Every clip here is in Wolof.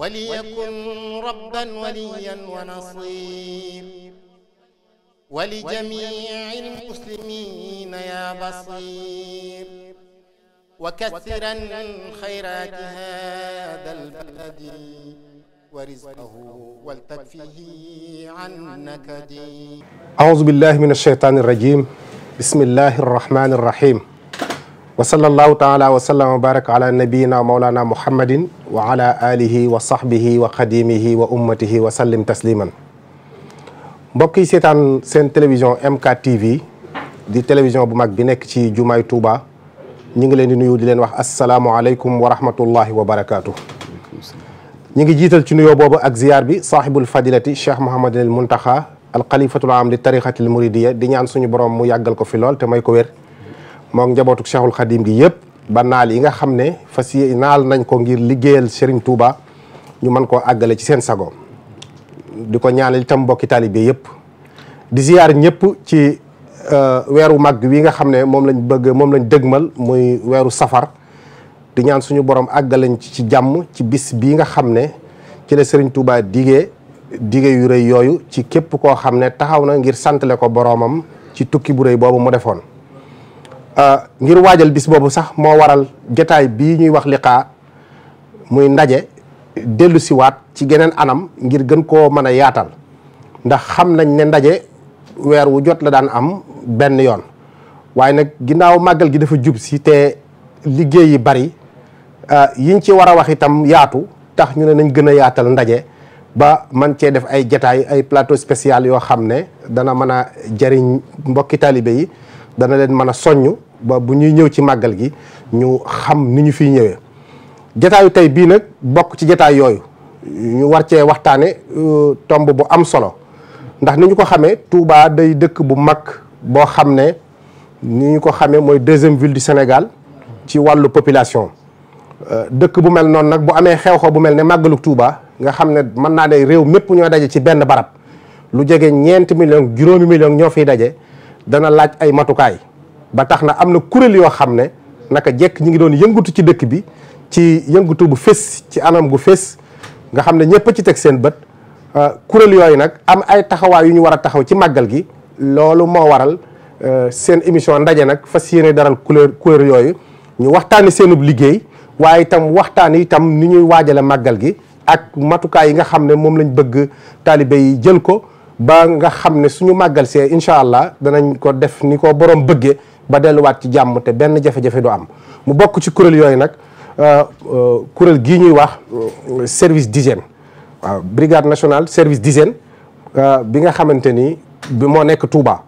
وليكن ربا وليا ونصير ولجميع المسلمين يا بصير وكثرا خيرات هذا البلد ورزقه والتكفيه عن نكدي أعوذ بالله من الشيطان الرجيم بسم الله الرحمن الرحيم wa sallallahu taala wa sallama wa baraka ala nabiyina mawlana muhammadin wa ala alihi wa sahbihi wa xadimihi wa ummatihi wa sallim tasliman mbokk yi seetaan seen télévision MKTV di télévision bu mag bi nekk ci jumaay Touba ñu ngi leen di nuyu di leen wax asalaamualeykum wa rahmatullahi wa barakaatu. ñu ngi jiital ci nuyoo boobu ak ziyaar bi saaxibul fadilati cheikh Mouhamadul Muntaxa al xalifatul am li tarixatil muridiya di ñaan suñu borom mu yàggal ko fi lool te may ko wér. moom njabootu Cheikhul Khadim gi yëpp ba naal yi nga xam ne fas yi naal nañ ko ngir liggéeyal Serigne Touba ñu mën koo àggale ci seen sago di ko ñaanal itam mbokki taalibe yëpp di ziyaar ñëpp ci euh, weeru màgg wi nga xam ne moom lañ bëgg moom lañ dëgmal muy weeru safar di ñaan suñu borom àggalañ ci jàmm ci bis bi nga xam ne ci la Serigne Touba digee dige yu rëy yooyu ci képp koo xam ne taxaw na ngir santale ko boroomam ci tukki bu rëy boobu mu defoon Euh, ngir waajal bis boobu sax moo waral jotaay bii ñuy wax liqaa muy ndaje dellu siwaat ci geneen anam ngir gën koo mën a yaatal ndax xam nañ ne ndaje weer wu jot la daan am benn yoon waaye nag ginnaaw màggal gi dafa jub si te liggéey yi bari euh, yiñ ci war a wax itam yaatu tax ñu ne nañ gën a yaatal ndaje ba man cee def ay jataay ay plateau spécial yoo xam ne dana mën a jariñ mbokki taalibe yi dana leen mën a soññ ba bu ñuy ñëw ci màggal gi ñu xam ni ñu fiy ñëwee jataayu tey bii nag bokk ci jataay yooyu ñu war cee waxtaane euh, tomb bu am solo ndax ni ñu ko xamee Touba day dëkk bu mag boo xam ne ni ñu ko xamee mooy deuxième ville du Sénégal ci wàllu population euh, dëkk bu mel noonu nag bu amee xew-xew bu mel ne màggalu Touba nga xam ne mën naa ne réew mépp ñoo daje ci benn barab lu jege ñeenti million juróomi million ñoo fiy daje dana laaj ay matukaay ba tax na am na kuréel yoo xam ne naka jekk ñi ngi doon yëngatu ci dëkk bi ci yëngatu bu fés ci anam gu fés nga xam ne ñëpp a ci teg seen bët euh, kuréel yooyu nag am ay taxawaay yu ñu war a taxaw ci màggal gi loolu moo waral euh, seen émission ndaje nag fas yéene daral kuréel kuréel yooyu ñu waxtaani seenub liggéey waaye itam waxtaan itam nu ñuy waajale màggal gi ak matukaay yi nga xam ne moom lañ bëgg taalibe yi jël ko ba nga xam ne suñu màggal see incha allah danañ ko def ni ko borom bëggee ba delluwaat ci jàmm te benn jafe-jafe du am mu bokk ci kuréel yooyu nag euh, euh, kuréel gii ñuy wax euh, service d'hygiène waaw brigade nationale service d'hygiène bi nga xamante ni bi moo nekk Touba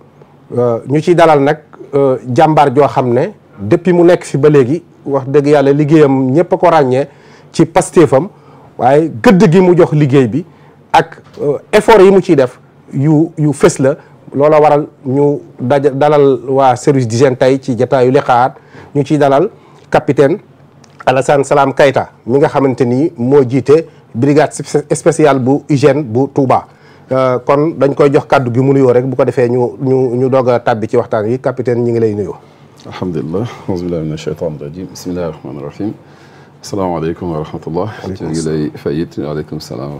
ñu ci dalal nag jàmbaar joo xam ne depuis mu nekk fi ba léegi wax dëgg yàlla liggéeyam ñëpp a ko ràññee ci pastéefam waaye gëdd gi mu jox liggéey bi ak effort yi mu ciy def yu yu fës la loola waral ñu daj dalal waa service d'hygiène tey ci jataayu liqaat ñu ciy dalal capitaine Alassane salaam Keita mi nga xamante ni moo jiite brigade spéciale bu hygiène bu Touba. Euh, kon dañ koy jox kàddu gi mu nuyoo rek bu ko defee ñu ñu ñu doog a tàbbi ci waxtaan yi capitaine ñi ngi lay nuyoo. alhamdulilah auzubillahi min ashaytan rajim bismillahi rahmani rahim asalaamaaleykum wa am ñu ngi lay fayit waaleykum salaam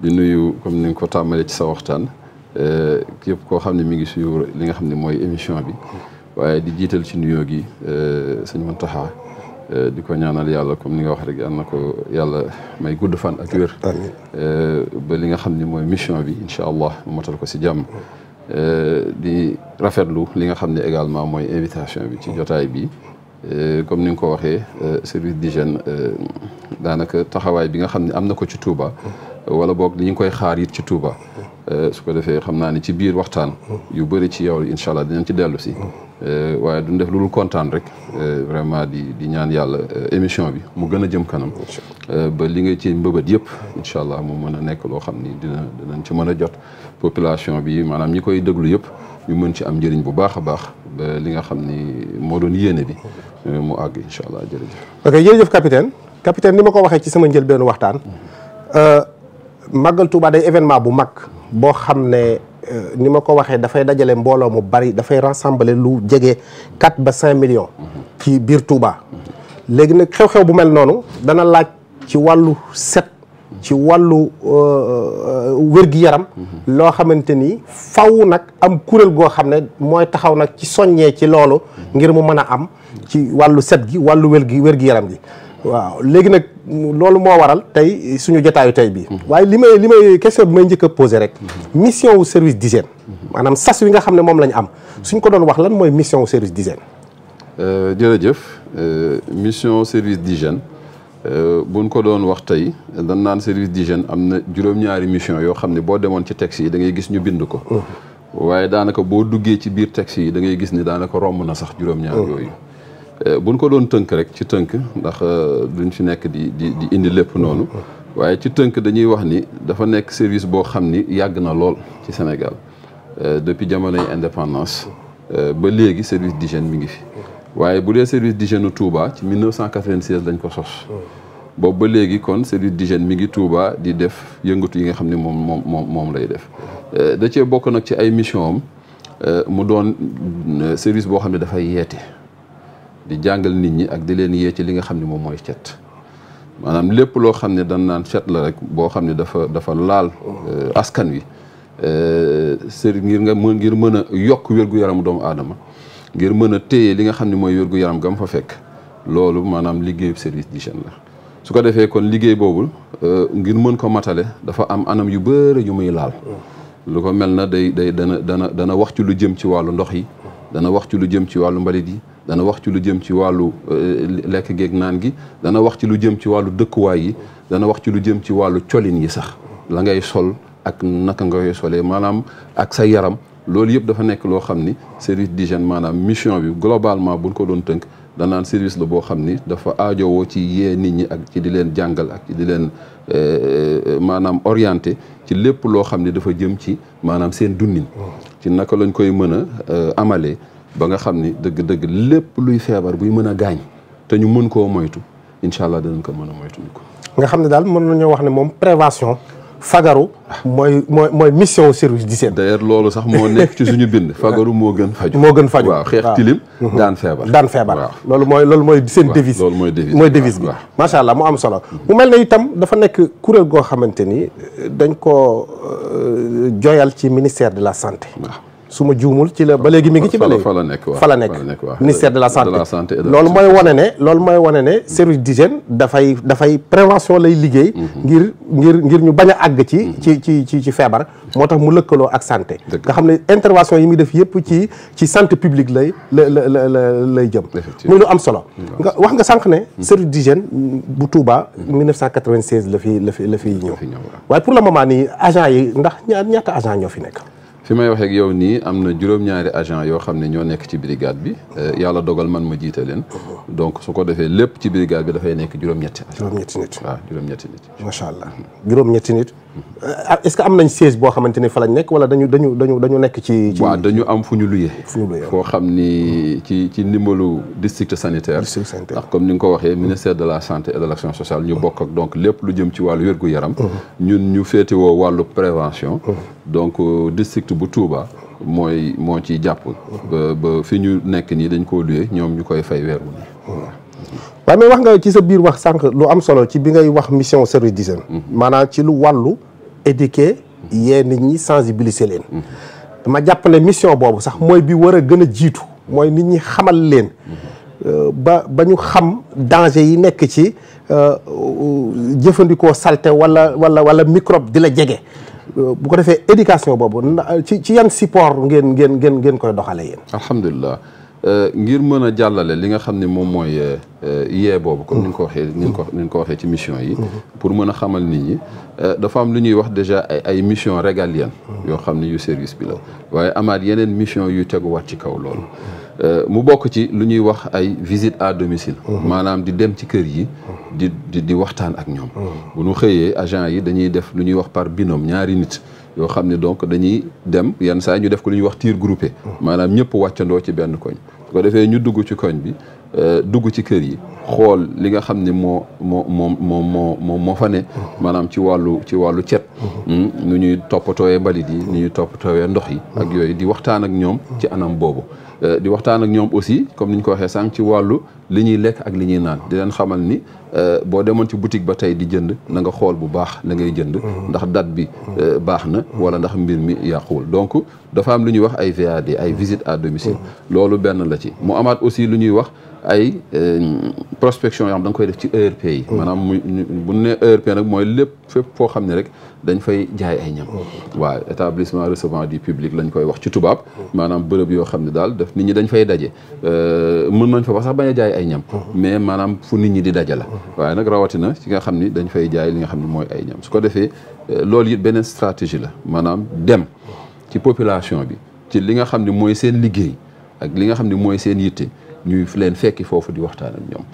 di nuyu comme ni nga ko tàmmalee ci sa waxtaan eh, képp koo xam ne mi ngi suivre li nga xam ne mooy émission bi waaye di jiital ci nuyoo gi eh, sëñ Mountakha eh, di ko ñaanal yàlla comme ni nga wax rek yal na ko yàlla may gudd fan ak wér ba li nga xam ne mooy mission bi incha allah motal ko si jàmm di rafetlu li nga xam ne également mooy invitation bi ci jotaay bi comme ni nga ko waxee service d'hygiène daanaka taxawaay bi nga xam ne am na ko ci Touba wala boog li ñu koy xaar it ci Touba. Euh, su ko defee xam naa ne ci biir waxtaan. yu bëri ci yow incha allah dinañ ci dellu si. Euh, waaye duñ def lu dul kontaan rek. Euh, vraiment di di ñaan yàlla émission bi mu gën a jëm kanam. ba li nga ci mbëbët yëpp. incha allah mu mën a nekk loo xam ni dina dinañ ci mën a jot. population bi maanaam ñi koy déglu yëpp ñu mën ci am njëriñ bu baax a baax ba li nga xam ni moo doon yéene bi mu àgg incha allah jërëjëf. ok jërëjëf capitaine capitaine ni ko waxee ci sama njëlbeenu waxtaan. màggal Touba day événement bu mag boo xam ne euh, ni ma ko waxee dafay dajale mbooloo mu bari dafay rassembler lu jege 4 ba 5 millions. ci biir Touba. léegi nag xew-xew bu mel noonu dana laaj ci wàllu set. ci wàllu euh, euh, wér-gi-yaram loo xamante ni faw nag am kuréel goo xam ne mooy taxaw nag ci soññee ci loolu ngir mu mën a am ci wàllu set gi wàllu wér gi wér-gi-yaram gi waaw léegi nag loolu moo waral tey suñu jotaayu tey bi mhm. waaye li may li may kese bu may njëkk a posé rek mhm. mission wu service d'hygiène mhm. maanaam sas wi nga xam ne moom la am suñ ko doon wax lan mooy mission wu service d'hygiène euh, jërëjëf euh, mission service d'hygiène euh, buñ ko doon wax tey dañ naan service d'hygiène am na juróom-ñaari mission yoo xam ne boo demoon ci texte yi dangay gis ñu bind ko waaye daanaka boo duggee ci biir texte yi da ngay gis ni daanaka romb na sax juróom-ñaar Euh, buñ ko doon tënk rek ci tënk ndax euh, duñ fi nekk di di di indi lépp noonu waaye ci tënk dañuy wax ni dafa nekk service boo xam ni yàgg na lool ci Sénégal euh, depuis jamonoy indépendance ba léegi service di d'hygiène mi ngi fi waaye bu dee service d'hygiène u Touba ci 1996 lañ ko sos boobu ba léegi kon service d'hygiène mi ngi Touba di def yëngatu yi nga xam ne moom moom moom lay def da cee bokk nag ci ay mission am mu doon service boo xam ne dafay yeete di jàngal nit ñi ak di leen yee ci li nga xam ne moom mooy cet maanaam lépp loo xam ne dan naan cet la rek boo xam ne dafa dafa laal euh, askan wi euh, sëriñ ngir nga mën ngir mën a yokk wér-gu-yaramu doomu aadama ngir mën a téye li nga xam ne mooy wér-gu-yaram gam fa fekk loolu maanaam liggéeyu service d'hygiène la su ko defee kon liggéey boobu euh, ngir mën ko matale dafa am anam yu bëri yu muy laal lu ko mel na day day dana dana dana wax ci lu jëm ci wàllu ndox yi dana wax ci lu jëm ci wàllu mbalit yi dana wax ci lu jëm ci wàllu euh, lekk geeg naan gi dana wax ci lu jëm ci wàllu dëkkuwaay yi dana wax ci lu jëm ci wàllu colin yi sax la ngay sol ak naka nga koy solee maanaam ak sa yaram loolu yëpp dafa nekk loo xam ni service di d'hygiène maanaam mission bi globalement buñ ko doon tënk danaan service la boo xam ni dafa aajowoo ci yee nit ñi ak ci di leen jàngal ak ci di leen euh, euh, maanaam orienté ci lépp loo xam ni dafa jëm ci maanaam seen dundin ci naka lañ koy mën a euh, amalee ba nga xam ni dëgg-dëgg lépp luy feebar buy mën a gaañ te ñu mën koo moytu incha allah danañ ko mën a moytu. nga xam ne daal mën nañoo wax ne moom prévention. fagaru mooy mooy mooy mission service d'hygiène. d'ailleurs loolu sax moo nekk ci suñu bind. fagaru moo gën faju moo gën faju waaw xeex tilim. Mhm. daan feebar daan feebar. loolu mooy loolu mooy seen devise. loolu mooy devise mooy devise bi macha mu am solo. mu mel na itam dafa nekk kuréel goo xamante ni dañ ko euh, joyal ci ministère de la santé. su ma juumul ci la ba léegi mi ngi ci ba léegi fa la nekk fa la nekk ministère de la santé loolu mooy wane ne loolu mooy wane ne service d'hygiène dafay dafay prévention lay liggéey mhm. ngir ngir ngir ñu bañ a àgg ci mhm. ci ci ci ci feebar moo tax mu lëkkaloo ak santé nga xam ne intervention yi muy def yëpp ci ci santé publique lay la la la lay jëm muy lu am solo nga wax nga sànq ne mhm. service d'hygiène bu Touba 1996 la fi la fi la fi ñëw waaye pour la moment nii agent yi ndax ñaata agent ñoo fi nekk fi may waxee yow nii am na juróom-ñaari agent yoo xam ne ñoo nekk ci brigade bi eh, yàlla dogal man ma jiite leen uh-huh. donc su ko defee lépp ci brigade bi dafay nekk juróom-ñetti agent juróom-ñetti nit waaw macha allah juróom-ñetti nit Euh, est-ce que am nañ siège boo xamante ni fa lañ nekk wala dañu dañu dañu dañu nekk ci. waaw dañu am fu ñu luyee. fu ñu foo xam ni ci ci ndimbalu district sanitaire. district sanitaire ndax comme ni nga ko waxee ministère de la santé et de l'action sociale ñu bokk ak donc lépp lu jëm ci wàllu wérgu yaram. Mm-hmm. ñun ñu féetewoo wàllu prévention. Mm-hmm. donc euh, district bu Touba. mooy moo ci jàpp. Mm-hmm. ba ba fi ñu nekk nii dañ koo luyee ñoom ñu koy fay weer wu nii. waaye mais wax nga ci sa biir wax sànq lu am solo ci bi ngay wax mission service d'hygiène mm-hmm. maanaam ci lu wàllu éduquer yee nit ñi sensibiliser leen mm-hmm. ma jàpp mission boobu sax mooy bi war a gën a jiitu mooy nit ñi xamal leen mm-hmm. euh, ba ba ñu xam danger yi nekk ci euh, jëfandikoo salte wala wala wala microbe di la jege euh, bu ko defee éducation boobu ci ci yan support ngeen ngeen ngeen ngeen koy doxale yéen alhamdulilah Euh, ngir mën a jàllale li nga xam ne moom mooy euh, euh, yee boobu comme ni nga ko waxee ni nga ko ni ko waxee ci mission yi mhm. pour mën a xamal nit ñi dafa am lu ñuy wax déjà ay ay mission régalienne yoo xam ne yu service bi la waaye amaat yeneen mission yu teguwaat ci kaw loolu mu bokk ci lu ñuy wax ay visite à domicile mhm. maanaam di dem ci kër yi di di waxtaan ak ñoom mhm. bu ñu xëyee agent yi dañuy def lu ñuy wax par binôme ñaari nit yoo xam ne donc dañuy dem yenn saa ñu def ko lu ñuy wax tiir groupé maanaam ñëpp wàccandoo ci benn koñ bu ko defee ñu dugg ci koñ bi euh, dugg ci kër yi xool li nga xam ne moo moo moo moo moo moo moo fa maanaam ci wàllu ci wàllu cet hmm, nu ñuy toppatooyee mbalit yi nu ñuy toppatooyee ndox yi ak yooyu di waxtaan ak ñoom ci anam boobu euh, di waxtaan ak ñoom aussi comme ni ñu ko waxee sànq ci wàllu li ñuy lekk ak li ñuy naan di leen xamal ni euh, boo demoon ci boutique ba tey di jënd na nga xool bu baax la ngay jënd mm-hmm. ndax date bi mm-hmm. euh, baax na mm-hmm. wala ndax mbir mi yàquwul donc dafa am lu ñuy wax ay VAD ay visite à domicile loolu benn la ci mu amaat aussi lu ñuy wax ay euh, prospection yoo xam da koy def ci ERP yi maanaam mu bu ne ERP nag mooy lépp fépp foo xam ne rek dañ fay jaay ay ñam waaw établissement recevant du public lañ koy wax ci tubaab maanaam bërëb yoo xam ne daal daf nit ñi dañ fay daje mën nañ ay ñam mais maanaam fu nit ñi di daja la waaye nag rawatina ci nga xam ni dañ fay jaay li nga xam ne mooy ay ñam su ko defee euh, loolu it beneen stratégie la maanaam dem ci population bi ci li nga xam ne mooy seen liggéey ak li nga xam ne mooy seen yitte ñuy leen fekki foofu di waxtaan ak ñoom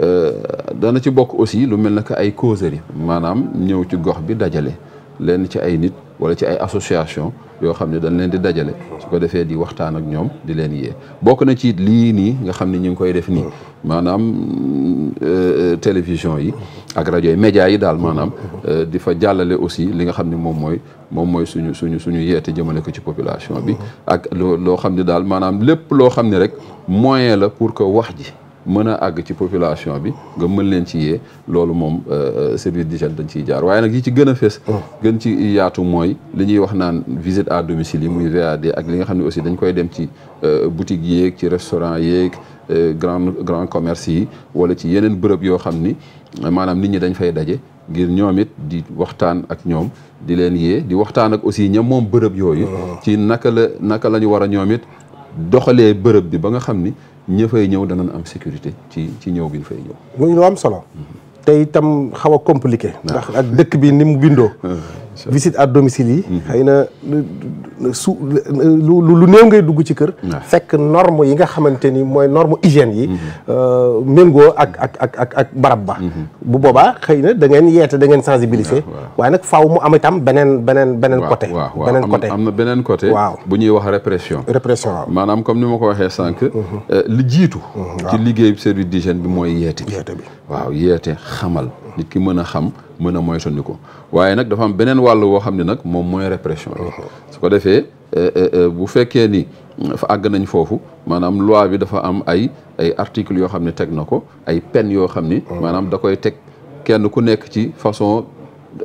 euh, dana ci bokk aussi lu mel na que ay causerie maanaam ñëw ci gox bi dajale leen ci ay nit wala ci ay association yoo xam ne dañ leen di dajale su ko defee di waxtaan ak ñoom di leen yee bokk na ci lii nii nga xam ne ñu ngi koy def nii maanaam euh, euh, télévision yi ak rajo yi média yi daal maanaam euh, di fa jàllale aussi li nga xam ni moom mooy moom mooy suñu suñu suñu yeete jëmale ko ci population bi ak loo loo xam ne daal maanaam lépp loo xam ne rek moyen la pour que wax ji mën a àgg ci population bi nga mën leen ci yee loolu moom euh, euh, service d'hygiène dañ ciy jaar waaye nag yi ci gën a fës oh. gën ci yaatu mooy li ñuy wax naan visite à domicile yi muy VAD ak li nga xam ne aussi dañ koy dem ci euh, boutique yeeg ci restaurant yeeg grand grand commerce yi wala ci yeneen bërëb yoo xam ni maanaam nit ñi dañ fay daje ngir ñoom it di waxtaan ak ñoom di leen yee di waxtaan ak aussi ña moom bërëb yooyu oh. ci naka la naka la ñu war a ñoom it doxalee bërëb bi ba nga xam ni ña fay ñëw danañ am sécurité ci ci ñëw bi ñu fay ñëw. muy lu am solo. Mm-hmm. te itam xaw a compliqué. ndax ak dëkk bii ni mu bindoo. Mm-hmm. visite à domicile yi. Mhm. xëy na su lu lu néew ngay dugg ci kër. fekk norme yi nga xamante ni mooy norme hygiène yi. Mhm. Euh, méngoo ak ak ak ak ak barab ba. Mhm. bu boobaa xëy na da ngeen yeete da ngeen sensibiliser. waaye nag faaw mu am itam beneen beneen beneen côté. beneen côté am na beneen côté. waaw bu ñuy wax répression. répression waaw maanaam comme ni ma ko waxee sànq. Euh, li jiitu. ci bi service d'hygiène bi mooy yeete bi. bi waaw yeete xamal nit ki mën a xam. mën a moytandiku waaye nag dafa am beneen wàll woo xam ne nag moom mooy répression bi uh-huh. su ko defee eh, eh, eh, bu fekkee ni fa àgg nañ foofu maanaam loi bi dafa am ay ay articles yoo xam ne teg na ko ay peines yoo xam ni uh-huh. maanaam da koy teg kenn ku nekk ci façon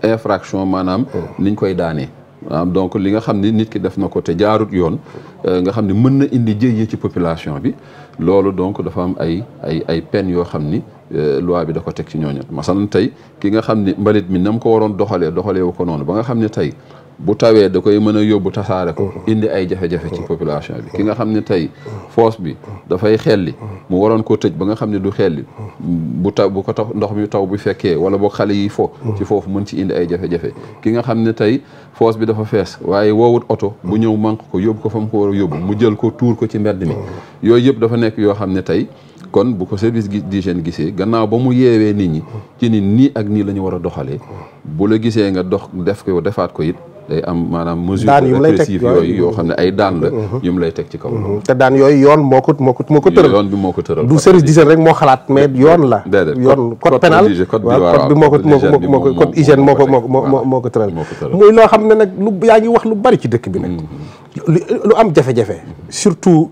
infraction maanaam uh-huh. niñ koy daanee maanaam donc li nga xam ni nit ki def na ko te jaarut yoon nga xam ni mën na indi jëye ci population bi loolu donc dafa am ay ay ay peine yoo xam ni euh, loi bi da ko teg ci ñooñu masalan tey ki nga xam ni mbalit mi na ko waroon doxalee doxalee wu ko noonu ba nga xam ne tey bu tawee da koy mën a yóbbu tasaare ko mm-hmm. indi ay jafe-jafe ci mm-hmm. population bi ki mm-hmm. nga xam ne tey foos bi dafay xelli mu waroon koo tëj ba nga xam ne du xelli bu taw bu ko tax ndox mi taw bu fekkee wala boo xale yi fo ci foofu mën ci indi ay jafe ki nga xam ne tey foos bi dafa fees waaye woowut oto bu ñëw manque ko yóbbu ko fa mu ko war a yóbbu mu jël ko tuur ko ci mbedd mi yooyu yëpp dafa nekk yoo xam ne tey kon bu ko service d'hygiène gisee gannaaw ba mu yeewee nit ñi ci ni nii ak nii la ñu war a doxalee bu la gisee nga dox def ko defaat ko it day maanaam mesure répressive yooyu yoo xam daan lay teg ci kaw te yooyu yoon moo ko moo ko moo ko tëral yoon bi moo ko tëral du service d'hygiène rek moo xalaat mais yoon la yoon code pénal waaw code bi moo ko ko code hygiène moo ko ko tëral muy loo xam ne nag lu yaa ngi wax lu bari ci dëkk bi nag lu am jafe-jafe surtout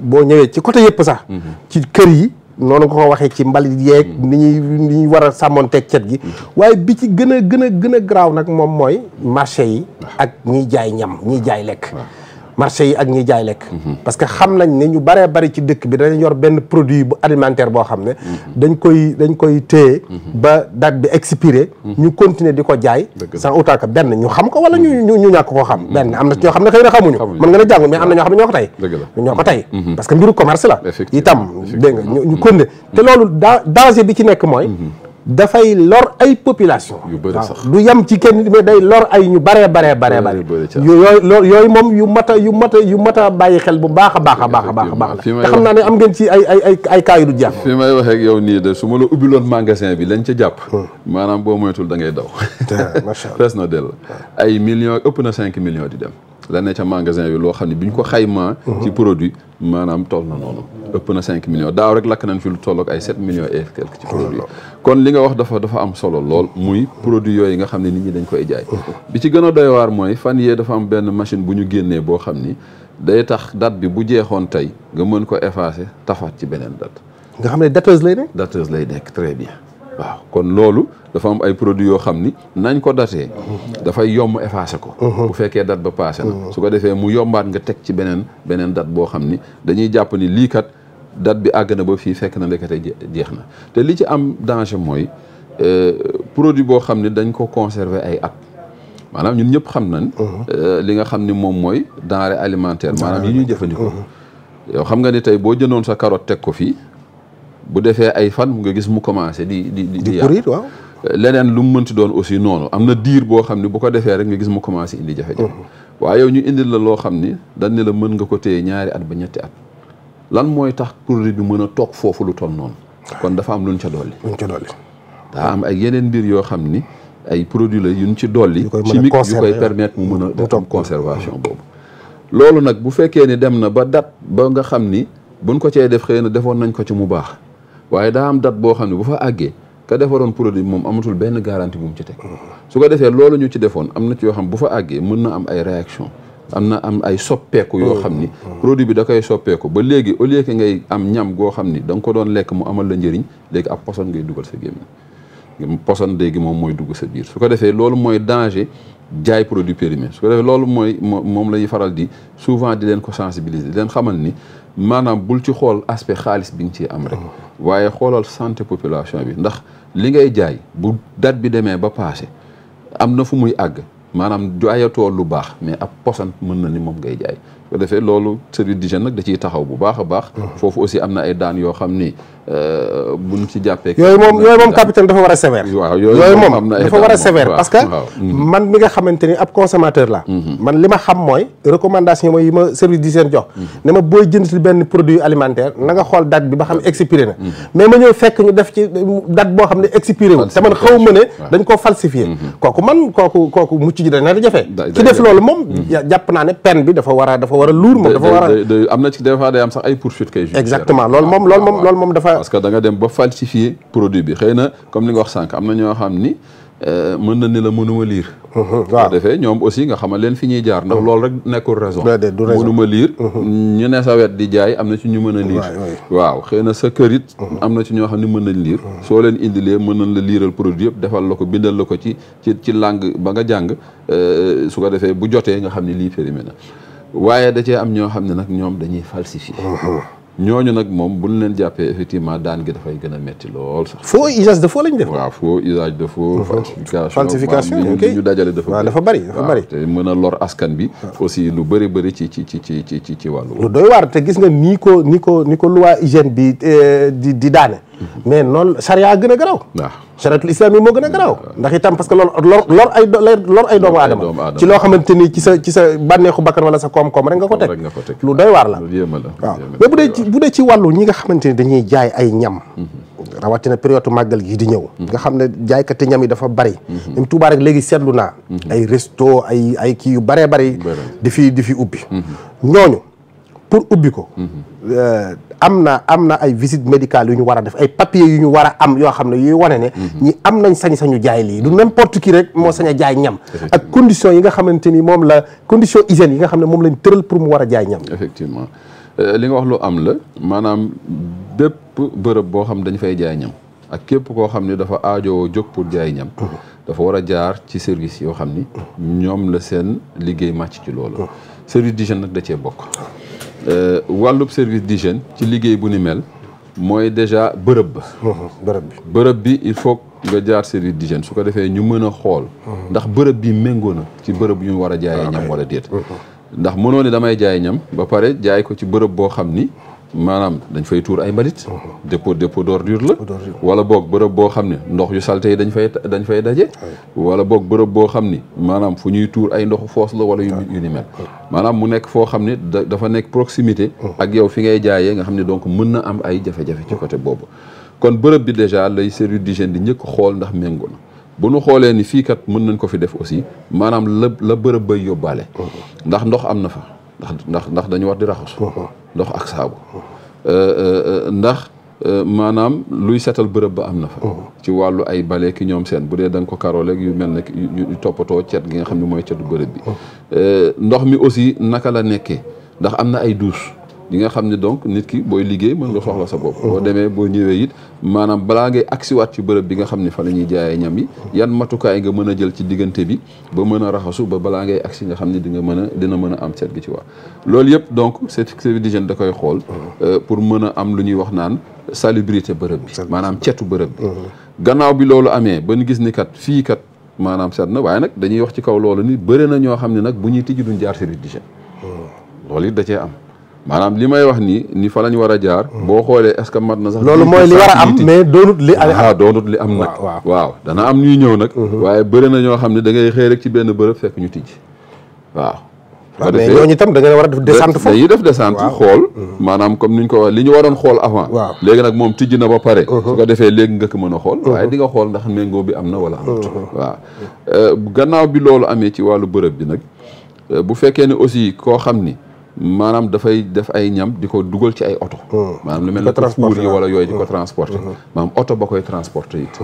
boo ñëwee ci côté yëpp sax ci kër yi noonu ko ko waxee ci mbalit yeeg mm. ni ñuy ni ñuy war a sàmmonteeg cet gi mm. waaye bi ci gën a gën a gën a garaaw nag moom mooy marché yi ah. ak ñiy jaay ñam ñiy jaay lekk ah. marché yi ak ñiy jaay lekk parce que xam nañ ne ñu baree bari ci dëkk bi dañu yor benn produit bu alimentaire boo xam ne dañ koy dañ koy téye ba date bi expiré ñu continuer di ko jaay sans autant que benn ñu xam ko wala ñu ñu ñàkk ko xam mm-hmm. benn am na ñoo xam ne xëy na xamuñu mën nga a jàngu mais am na ñoo xam ne ñoo ko tey ñoo ko tey mm-hmm. parce que mbiru commerce la itam dégg ñu konde te loolu danger bi ci nekk mooy mm-hmm. dafay lor ay population yu bëri sax ah, du yem ci kenn day lor ay ñu baree baree bare yooyu loolu yooyu moom yu mat yu mat yu mat a bàyyi xel bu baax a baax a baax a baax baax te xam naa ne am ngeen ci ay ay ay ay cas du jàpp fi may waxee ak yow nii de su ma la ubbiloon magasin bi lañ ca jàpp hmm. maanaam boo moytul da ngay daw fees na dell hmm. ay millions ëpp na cinq millions di dem la ne ca magasin bi loo xam ne bi ñu ko xaymaa. Mhm. ci produit maanaam toll na noonu. ëpp na cinq millions daaw rek lakk nañ fi lu tolloog ay sept millions et quelque ci produit kon li nga wax dafa dafa am solo lool muy produit yooyu nga xam ne nit ñi dañ ko jaay. Mhm. bi ci gën a doy waar mooy fan yee dafa am benn machine bu ñu génnee boo xam ni day tax dat bi bu jeexoon tey nga mën ko effacer tafaat ci beneen date. nga xam ne dateuse lay nekk. lay nekk très bien. waaw kon loolu dafa am ay produits yoo xam ni nañ ko datee dafay yomb effacé ko bu fekkee date ba passé na su ko defee mu yombaat nga teg ci beneen beneen date boo xam ni dañuy jàpp ni lii kat date bi àgg na ba fii fekk na ndekete jeex na te li ci am danger mooy euh, produit boo xam ni dañ ko conserver ay at maanaam ñun ñëpp xam nañ euh, li nga xam ni moom mooy denrée alimentaire maanaam yi ñuy jëfandikoo yow xam nga ni tey boo jëndoon sa carotte teg ko fii bu defee ay fan mu nga gis mu commencé di di di. di courir leneen lu mu mënti doon aussi noonu am na diir boo xam ni bu ko defee rek nga gis mu commencé indi jafe-jafe. Mhm. waaye yow ñu indil la loo xam ni dañ ne la mën nga ko téye ñaari at ba ñetti at lan mooy tax produit bi mën a toog foofu lu toll noonu. kon dafa am luñ ca dolli. luñ ca dolli. daa am ay yeneen mbir yoo xam ni ay produits la yuñ ci dolli. chimique yu koy permettre mu mën a def conservation boobu. loolu nag bu fekkee ni dem na ba dat ba nga xam ni buñ ko cee def xëy na defoon nañ ko ci mu baax. waaye daa am date boo xam ne bu fa àggee ka defaroon produit bi moom amatul benn garantie bu mu ci teg su ko defee loolu ñu ci defoon am na ci yoo xam bu fa àggee mën na am ay réaction am na am ay soppeeku yoo xam ni mm-hmm. produit bi da koy soppeeku ba léegi au lieu que ngay am ñam goo xam ni da ko doon lekk mu amal la njëriñ léegi ab poson ngay dugal sa gémmiñ poson léegi moom mooy dugg sa biir su ko defee loolu mooy danger jaay produit périmé su ko loolu mooy moom la ñuy faral di souvent di leen ko sensibiliser di leen ni maanaam bul ci xool aspect xaalis bi nga ciy am rek waaye xoolal santé population bi ndax li ngay jaay bu date bi demee ba passé am na fu muy àgg maanaam jaayatoo lu baax mais ab posan mën na ni moom ngay jaay su defee loolu service d'hygiène nag da ciy taxaw bu baax a baax mm-hmm. foofu aussi am na ay daan yoo xam ni Euh, buñ ci jàppee. yooyu moom yooyu moom capitaine dafa war a sévère. waaw yooyu moom am dafa war a sévère parce que. Mm-hmm. man mi nga xamante ni ab consommateur la mm-hmm. man li ma xam mooy recommandation mooy yi ma service d'hygiène jox. Mm-hmm. ne ma booy jënd benn produit alimentaire na nga xool date bi ba xam expiré na. mais ma ñëw fekk ñu def ci date boo xam ne expiré wu. te man xaw ma ne dañ koo falsifié. kooku man kooku kooku mucc ji dañ na jafe. ci def loolu moom. jàpp naa ne peine bi dafa war a dafa war a lourd moom. dafa war a am moom loolu moom loolu parce que da nga dem ba falsifier produit bi xëy na comme li nga wax sànq am na ñoo xam ni euh, mën na ni la mënuma liir mhm, waaw defee ñoom aussi nga xamal leen fi ñuy jaar ndax mhm. loolu rek nekkul raison mënuma liir mhm. ñu ne sa wet di jaay am na ci ñu mën a liir waaw xëy na sa kër it am na ci ñoo xam ne mën nañ liir soo leen indilee mën nañ la liiral produit yëpp defal la ko bindal la ko ci ci ci langue ba nga jàng euh, su ko defee bu jotee nga xam ne lii périmé na waaye da cee am ñoo xam ne nag ñoom dañuy falsifier ñooñu nag moom bu ñu leen jàppee effectivement daan gi dafay gën a métti lool sax. foo usage de faux lañ def. waaw faux usage de faux. falsification falsification li ñu dajale dafa. waaw dafa bari dafa bari te mën a lor askan bi. Ah. aussi lu bëri bëri ci ci ci ci ci ci wàllu. lu doy waar te gis nga ni ko ni ko ni ko loi hygiène bi eh, di di daane. mais noonu charia gën a garaaw waaw chariatul islam yi moo gën a garaaw ndax itam parce que loolu lor lor ay lor ay doomu aadama ci loo xamante ni ci sa ci sa bànneexu bakkan wala sa koom-koom rek nga ko teg lu doy waar la waaw mais bu dee ci bu dee ci wàllu ñi nga xamante dañuy jaay ay ñam mhm. rawatina période màggal gi di ñëw mhm. nga xam ne jaaykati ñam yi dafa bari mhm. même Touba rek léegi seetlu naa ay resto ay ay kii yu baree bari di fi di fi ubbi ñooñu pour ubbi ko Euh, am na am na ay visite médicale yu ñu war a def ay papiers yu ñu war a am yoo xam ne yuy wane ne mhm. ñi am nañ sañ-sañu jaay lii du n'importe qui rek moo sañ jaay ñam ak condition yi nga xamante ni moom la condition hygiène yi nga xam ne moom lañ tëral pour mu war a jaay ñam effectivement euh, li nga wax lu am la maanaam bépp bërëb boo xam dañ fay jaay ñam ak képp koo xam ni dafa aajo jóg pour jaay ñam dafa war a jaar ci service yoo xam ni ñoom la seen liggéey màcc ci loolu mm. service d'hygiène nag da cee bokk Euh, wàllub service d'hygiène ci liggéey bu ni mel mooy déjà bërëb ba mhm, bërëb bi bërëb bi il faut nga jaar service d'hygiène su ko defee ñu mën a xool mhm. ndax bërëb bi méngoo na ci bërëb yu ñu war a jaayee ñam ah, wala déet mhm. ndax mënoo ne damay jaay ñam ba pare jaay ko ci bërëb boo xam ni maanaam dañ fay tuur ay mbalit dépôt dépôt d'ordure la wala boog bërëb boo xam ne ndox yu salte yi dañ fay dañ fay daje wala boog bërëb boo xam ni maanaam fu ñuy tuur ay ndoxu foos la wala yu ni mel maanaam mu nekk foo xam ne dafa nekk proximité ak yow fi ngay jaayee nga xam ne donc mën na am ay jafe-jafe ci côté boobu kon bërëb bi déjà lay service d'hygiène di njëkk xool ndax méngoo na bu nu xoolee ni fii kat mën nañ ko fi def aussi maanaam la la bërëb bay yóbbaale ndax ndox am na fa ndax ndax ndax dañu war di raxasu ndox ak saabu euh, euh, ndax euh, maanaam luy setal bërëb ba am na fa mhm. ci wàllu ay bale ki ñoom seen bu dee da nga ko karooleeg yu mel ne yu toppatoo cet gi nga xam ne mooy cetu bërëb bi mhm. ndox mi aussi naka la nekkee ndax am na ay douche di nga xam ne donc nit ki booy liggéey mën nga soxla sa bopp boo demee boo ñëwee it maanaam balaa ngay agsiwaat ci bërëb bi nga xam ne fa la ñuy jaayee ñam yi yan matukaay nga mën a jël ci diggante bi ba mën a raxasu ba balaa ngay agsi nga xam ne di mën a dina mën a am seet gi ci waa loolu yëpp donc service d'hygiène da koy xool euh, pour mën a am lu ñuy wax naan salubrité bërëb bi maanaam cetu bërëb bi mhm. gannaaw bi loolu amee ba ñu gis ni kat fii kat maanaam seet na waaye nag dañuy wax ci kaw loolu ni bëri na ñoo xam ne nag bu ñuy tijji duñ jaar service d'hygiène mhm. loolu it da cee am maanaam li may wax nii ni fa lañ war a jaar hmm. boo xoolee est que mat na sax loolu mooy li a mais doonut li ah li am nag waaw dana am ñuy ñëw nag hmm. waaye bëri na ñoo xam ne da ngay xëy rek ci benn bërëb fekk ñu tijj waaw waaw mais ñooñu itam da ngeen war a def descente foofu dañuy def descente xool hmm. maanaam comme ni ñu ko wax li ñu waroon xool avant léegi nag moom tijj na ba pare su ko defee léegi nga ko mën a xool waaye di nga xool ndax méngoo bi am na wala amut waaw euh, gannaaw bi loolu amee ci wàllu bërëb bi nag euh, bu fekkee ne aussi koo xam ni maanaam dafay def ay ñam di ko dugal ci ay oto hmm. maanaam lu mel ne fuur yi wala yooyu di ko hmm. transporter hmm. maanaam oto ba koy transporter it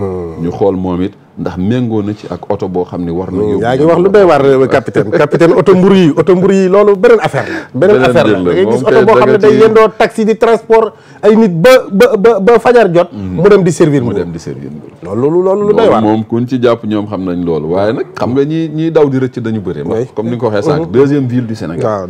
ñu xool moom it ndax méngoo na ci ak oto boo xam ne war na. Hmm, yaa ngi wax lu doy waar capitaine capitaine oto mburu yi oto mburu yi loolu beneen affaire la. beneen affaire la da ngay gis ay nit ba ba ba jot. Hmm. mu dem di servir mu dem di servir loolu loolu loolu lu moom kuñ ci jàpp ñoom xam nañ loolu waaye nag xam nga ñi ñiy daw di rëcc dañu bëri. ndax comme ni nga ko waxee sànq hmm. deuxième ville du Sénégal.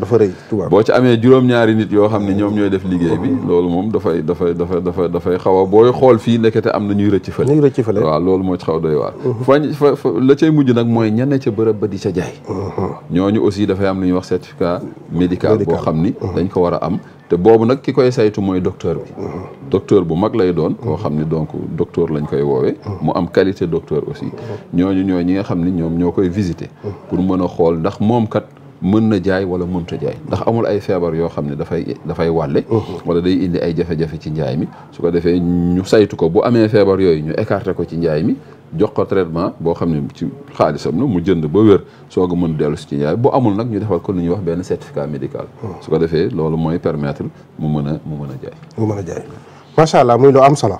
boo ci amee juróom-ñaari nit yoo xam ne ñoom ñooy def liggéey bi loolu moom dafay dafay dafay dafay xaw a booy xool fii nekkete am na ñuy rëcc fële. waaw loolu moo ci xaw doy waar waar fañ fa la cay mujj nag mooy ñenn ca bërëb ba di ca jaay uh-huh. ñooñu aussi dafay am lu ñuy wax certificat médical boo xam ni uh-huh. dañ ko war a am te boobu nag ki koy saytu mooy docteur bi uh-huh. docteur bu mag lay doon koo xam ni donc docteur lañ koy woowee mu am qualité docteur aussi ñooñu ñooy ñi nga xam ni ñoom ñoo koy visiter pour mën a xool ndax moom kat mën na jaay wala mënta jaay ndax amul ay feebar yoo xam ne dafay dafay wàlle wala day indi ay jafe-jafe ci njaay mi su ko defee ñu saytu ko bu amee feebar yooyu ñu écarté ko ci njaay mi jox ko traitement boo xam ne ci xaalisam la mu jënd boo wér soog a mën dellu si ci yaay boo amul nag ñu defal ko lu ñuy wax benn certificat médical. Hmm. su ko defee loolu mooy permettre mu mën a mu mën a jaay. mën a jaay. macha allah muy loo am solo.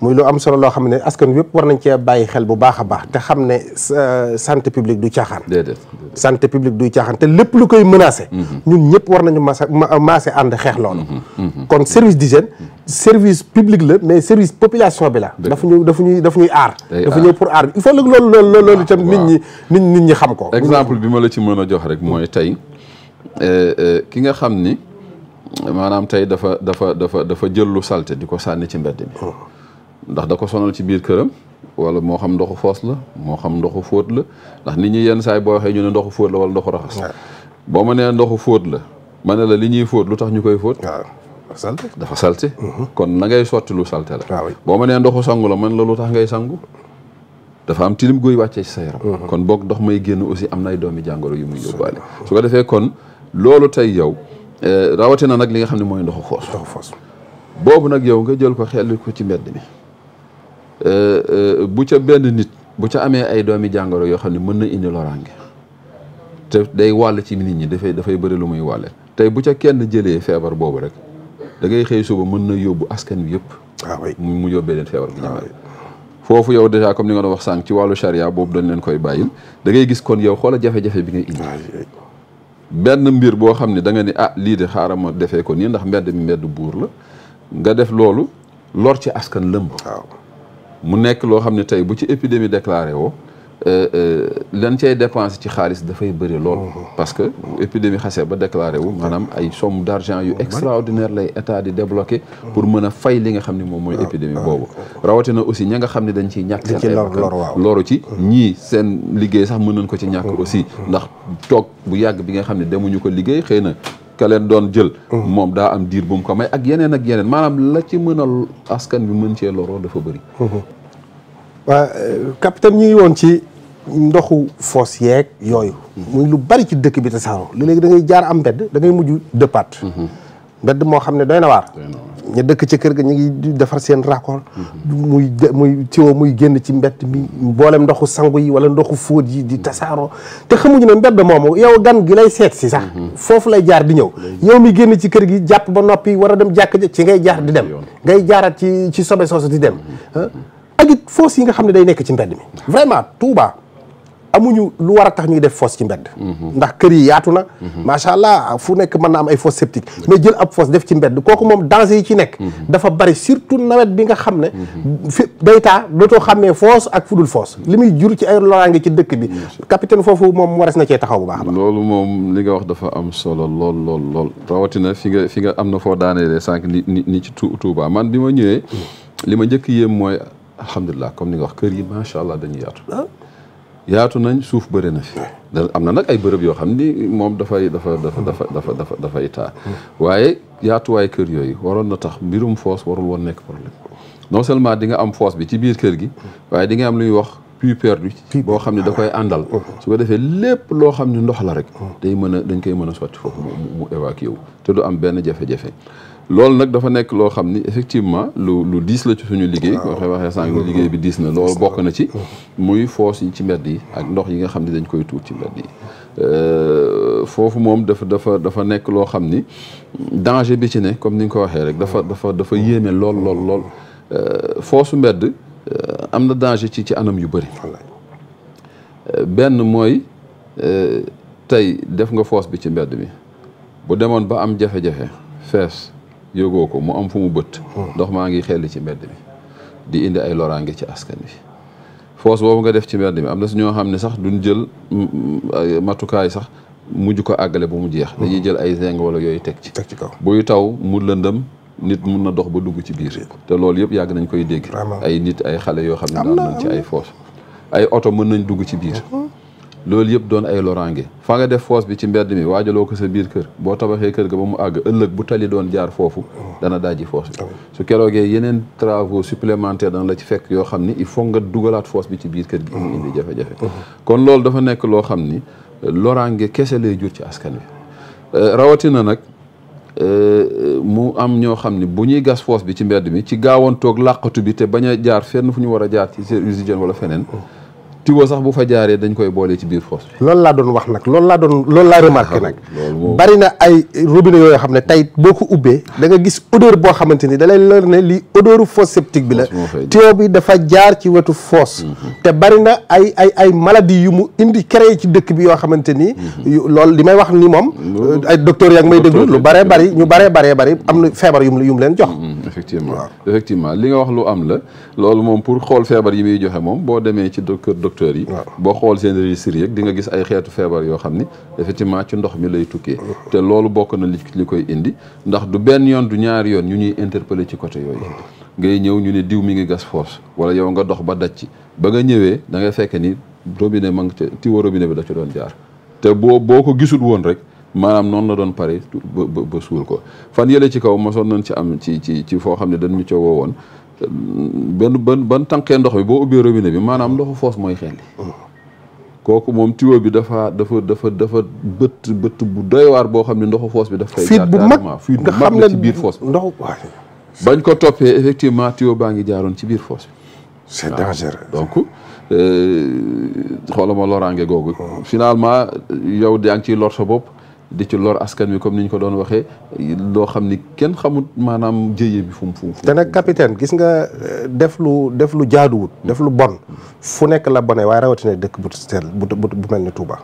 muy lu am solo loo xam ne askan wépp war nañ cee bàyyi xel bu baax a baax te xam ne euh, santé publique du caaxaan. déedéet santé publique du caaxaan te lépp lu koy menacé. Mm-hmm. ñun ñëpp war nañu maase maase ànd xeex loolu. Mm-hmm. Mm-hmm. kon service d'hygiène service public la mais service population bi la. dafa ñu dafa ñuy dafa ñuy aar. dafa ñëw pour aar il faut nag loolu loolu loolu itam ah, nit ñi nit nit ñi xam ko. exemple bi ma la ci mën a jox rek mooy tey euh, euh, ki nga xam ni. maanaam tey dafa dafa dafa dafa jël lu salte di ko sànni ci mbedd mi hmm. ndax da ko sonal ci biir këram wala moo xam ndoxu foos la moo xam ndoxu fóot la ndax nit ñi yenn saay boo waxee ñu ne ndoxu fóot la wala ndoxu raxas hmm. boo ma ndoxu fóot la ma ne la li ñuy fóot lu tax ñu koy fóot dafa salte hmm. kon na ngay sotti lu salte la ah boo ma nee ndoxu sangu la man la lu tax ngay sangu dafa am tilim guy wàccee ci sa kon boog ndox may génn aussi am nay doomi jàngoro yu muy yóbbaale su ko defee kon loolu tey yow Euh, rawatina nag li nga xam ne mooy ndoxu foos ndoxu boobu nag yow nga jël ko xel ko ci mbedd mi euh, euh, bu ca benn nit bu ca amee ay doomi jàngoro yoo xam ne mën na indi loraange te day wàll ci nit ñi dafay dafay bëri lu muy wàlle tey bu ca kenn jëlee feebar boobu rek dangay ngay xëy suba mën na yóbbu askan bi yëpp ah mu yóbbee leen feebar bu ah ñaaw foofu yow dèjà comme ni nga doon wax sànq ci wàllu charia boobu dañ leen koy bàyyil dangay gis kon yow xoola jafe-jafe bi ngay benn mbir boo xam ne da nga ni ah lii de xaaral ma defee ko nii ndax mbedd mi mbedd buur la nga def loolu lor ci askan lëmb. waaw mu nekk loo xam ne tey bu ci épidémie déclaré woo. Euh, euh, lan cay dépense ci xaalis dafay bëri lool. Mhm. parce que épidémie xasee ba déclaré wu maanaam ay somme d' argent yu extraordinaire lay état di débloqué. Mhm. pour mën a fay li nga xam ne moom mooy ah, épidémie ah, boobu. Ah, rawatina aussi ña nga xam ne dañ ciy ñàkk seen. ci loru ci mhm. ñii seen liggéey sax mën nañ ko ci ñàkk aussi. ndax toog bu yàgg bi nga xam ne demuñu ko liggéey xëy na. ka leen doon jël moom daa am diir bu mu ko may ak yeneen ak yeneen maanaam la ci mën askan bi mën cee loroo dafa bëri waa euh, ndoxu foos yeeg yooyu. muy lu bari ci dëkk bi te lu léegi da ngay jaar am mbedd da ngay mujj dëppaat. Mhm. mbedd moo xam ne doy na waar. ñu dëkk ci kër gi ñu ngi defar seen raccord. Mhm. muy muy tiwo muy génn ci mbedd mi boolem ndoxu sangu yi wala ndoxu fóot yi di mhm. tasaaroo te xamuñu ne mbedd moomu yow gan gi seet si sax. foofu lay jaar di ñëw. yow mi génn ci kër gi jàpp ba noppi war a dem jàkk ci ngay jaar di dem. ngay jaarat ci ci sobe soosu di dem. Ah, ak it foos yi nga xam ne day nekk ci mbedd mi. vraiment Touba. amuñu lu war a tax ñuy def fosse ci mbedd ndax kër yi yaatu na macha allah fu nekk mën na am ay foos septique mais jël ab fosse def ci mbedd kooku moom danger yi ci nekk mhm. dafa bari surtout nawet bi nga xam ne mhm. fi day taa dootoo xàmmee fosse ak fudul foos li muy jur ci ay loraange ci dëkk bi capitaine foofu moom wares na cee taxaw bu baax ba loolu moom li nga wax dafa am solo lool lool lool rawatina fi nga am na foo daaneele sànq ni ni ni ci Touba man bi ma ñëwee mm. li ma njëkk yéem mooy alhamdulilah comme ni nga wax kër yi macha allah dañuy yaatu ah. yaatu nañ suuf bëri na fi am na nag ay bërëb yoo xam ni moom dafay dafa dafa dafa dafa dafa dafay taa mm. waaye yaatuwaay kër yooyu waroon na tax mbirum foos warul woon nekk problème non seulement di nga am foos bi ci biir kër gi mm. waaye di nga am lu ñuy wax puits perdu boo xam ne da koy àndal mm. su ko defee lépp loo xam ni ndox la rek day mën a dañ koy mën a sotti foofu mu évacuer wu te du am benn jafe-jafe loolu nag dafa nekk loo xam ni effectivement lu lu diis la ci suñu liggéey ko waxee waxee sànq liggéey bi diis na loolu bokk na ci muy foos yi ci mbedd yi ak ndox yi nga xam ni dañ koy tuur ci mbedd yi euh, foofu moom dafa dafa dafa nekk loo xam ni danger bi ci ne comme ni nga ko waxee rek dafa dafa dafa yéeme lool lool lool euh, foosu mbedd euh, am na danger ci ci anam yu bëri benn mooy tey def nga foos bi ci mbedd bi bu demoon ba am jafe-jafe fees yógoo ko mu am fu mu bët hmm. ndox maa ngi xelli ci mbedd mi di indi ay loraange ci askan wi foos boobu nga def ci mbedd mi am na si ñoo xam ne sax duñ jël mm, mm, matukaay sax mujj ko àggale bu mu jeex hmm. dañuy jël ay zeng wala yooyu teg ci teg ci kaw buy taw mu lëndëm nit mun na dox ba dugg ci biir te loolu yëpp yàgg nañ koy dégg ay nit ay xale yoo xam ne daan nañ ci ay foos ay oto mën nañ dugg ci biir hmm. loolu yëpp doon ay loraange fa nga def fosse bi ci mbedd mi waajaloo ko sa biir kër boo tabaxee kër ga ba mu àgg ëllëg bu tali doon jaar foofu dana dajji fosse bi ah su keroogee yeneen travaux supplémentaires dana la ci fekk yoo xam ni il faut nga dugalaat fosse bi ci biir kër gi mu ah indi jafe-jafe ah kon loolu dafa nekk loo xam ni loraange kese lay jur ci askan wi euh, rawatina nag euh, mu am ñoo xam ni bu ñuy gas fosse bi ci mbedd mi ci gaawantoog làqatu bi te bañ a jaar fenn fu ñu war a jaar ci usine wala feneen tiwo sax bu fa jaaree dañ koy boole ci biir fosse loolu laa doon wax nag loolu laa doon loolu laa remarqué nag na ay robinet yoo xam ne tey boo ko ubbee da nga gis boo xamante ni da lay leer ne lii odeuru fosse septique bi la tiwo bi dafa jaar ci wetu fosse mhm. te bari na ay ay ay maladie yu mu indi créé ci dëkk bi yoo xamante ni mhm. loolu li may wax ni moom ay docteur yaa ngi may déglu lu baree bari ñu baree baree bari am na feebar yu mu leen jox mhm, effectivement effectivement li nga wax lu am la loolu moom pour xool feebar yi muy joxe moom boo demee ci docteur docteurs yi boo xool seen registre yeeg di nga gis ay xeetu feebar yoo xam ni effectivement ci ndox mi lay tukkee te loolu bokk na li li koy indi ndax du benn yoon du ñaari yoon ñu ñuy interpellé ci côté yooyu ngay ñëw ñu ne diw mi ngi gas force wala yow nga dox ba daj ci ba nga ñëwee da ngay fekk ni robinet ma nga ca tiwa robinet bi da ca doon jaar te boo boo ko gisul woon rek maanaam noonu la doon pare ba suul ko fan yële ci kaw mosoon nañ ci am ci ci ci foo xam ne dañ ñu woo woon benn ban ban tànkee ndox bi boo ubbee robine bi maanaam ndoxu foos mooy xelli uh-huh. kooku moom tuyau bi dafa dafa dafa dafa bëtt bëtt bu doy waar boo xam ne ndoxu foos bi daf fay fiit bu mag fiit bu mag la ci foos bi ndoxu bañ ko toppee effectivement tuyau baa ngi jaaroon ci biir foos bi c'est dangereux donc euh, xoolal ma loraange googu uh-huh. finalement yow yaa ngi ci lor sa bopp di ci lor askan wi comme ni ñu ko doon waxee loo xam ni kenn xamul maanaam jëye bi fu mu fu te nag capitaine gis nga euh, def lu def lu jaaduwut def lu bon fu nekk la bone waaye rawatina dëkk bu sell bu bu mel ni Touba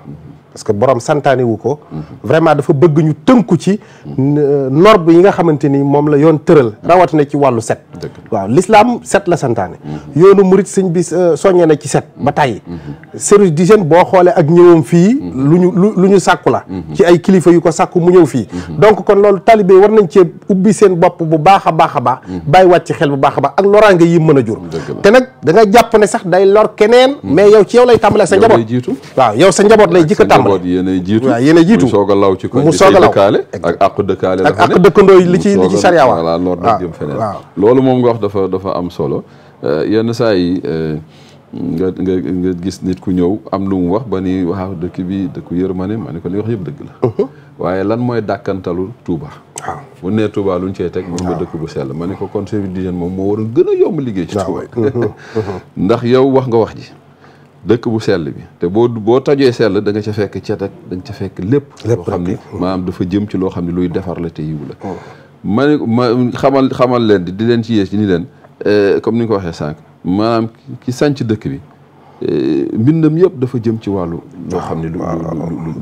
parce que borom santaane wu ko vraiment dafa bëgg ñu tënku ci euh, norme yi nga xamante ni moom la yoon tëral rawatina ci wàllu set waaw lislaam set la santaane yoonu murit sëñ bi euh, soññee na ci set ba tàyyi di mm-hmm. d'hygiène boo xoolee ak ñëwam fii mm-hmm. lu ñu lu ñu sàkku kilifa yu ko sàkku mu ñëw fii mhm. donc kon loolu talibé war nañ cee ubbi seen bopp bu baax a baax a baax mhm. bàyyi wàcc xel bu baax a baax ak loraange yi mën a jur te nag da nga jàpp ne sax day lor keneen mhm. mais yow ci yow lay tàmbalee sa njaboot jiitu waaw yow sa njaboot lay jikko tàmbale yéenay jiitu waaw yéenay jiitu mu soog a law ci ko mu soog a dëkkaale ak àqu dëkkaale ak àqu dëkkandoo li ci li ci loolu moom nga wax dafa dafa am solo euh, yenn saa yi euh, nga nga nga gis nit ku ñëw am lu mu wax ba ni waaw dëkk bi dëkku yërmande ma ne ko li wax yëpp dëgg la uh-huh. waaye lan mooy dàkkantalu Touba waaw bu nee Touba lu ñu cey teg mun nga dëkk bu sell ma ne ko kon service d'hygiène moom moo waroon gën a yomb liggéey ci Touba uh-huh. Uh-huh. ndax yow wax nga wax ji dëkk bu sell bi te boo boo tajee sell da nga ca fekk cet ak da nga ca fekk lépp loo xam ni maanaam dafa jëm ci loo xam ne luy defar la te yiw la ma ne ma xamal xamal leen di di leen ci yées ci ni leen eh, comme ni nga ko waxee sànq maanaam ki sànc dëkk bi eh, mbindam yëpp dafa jëm ci wàllu loo xam ne lu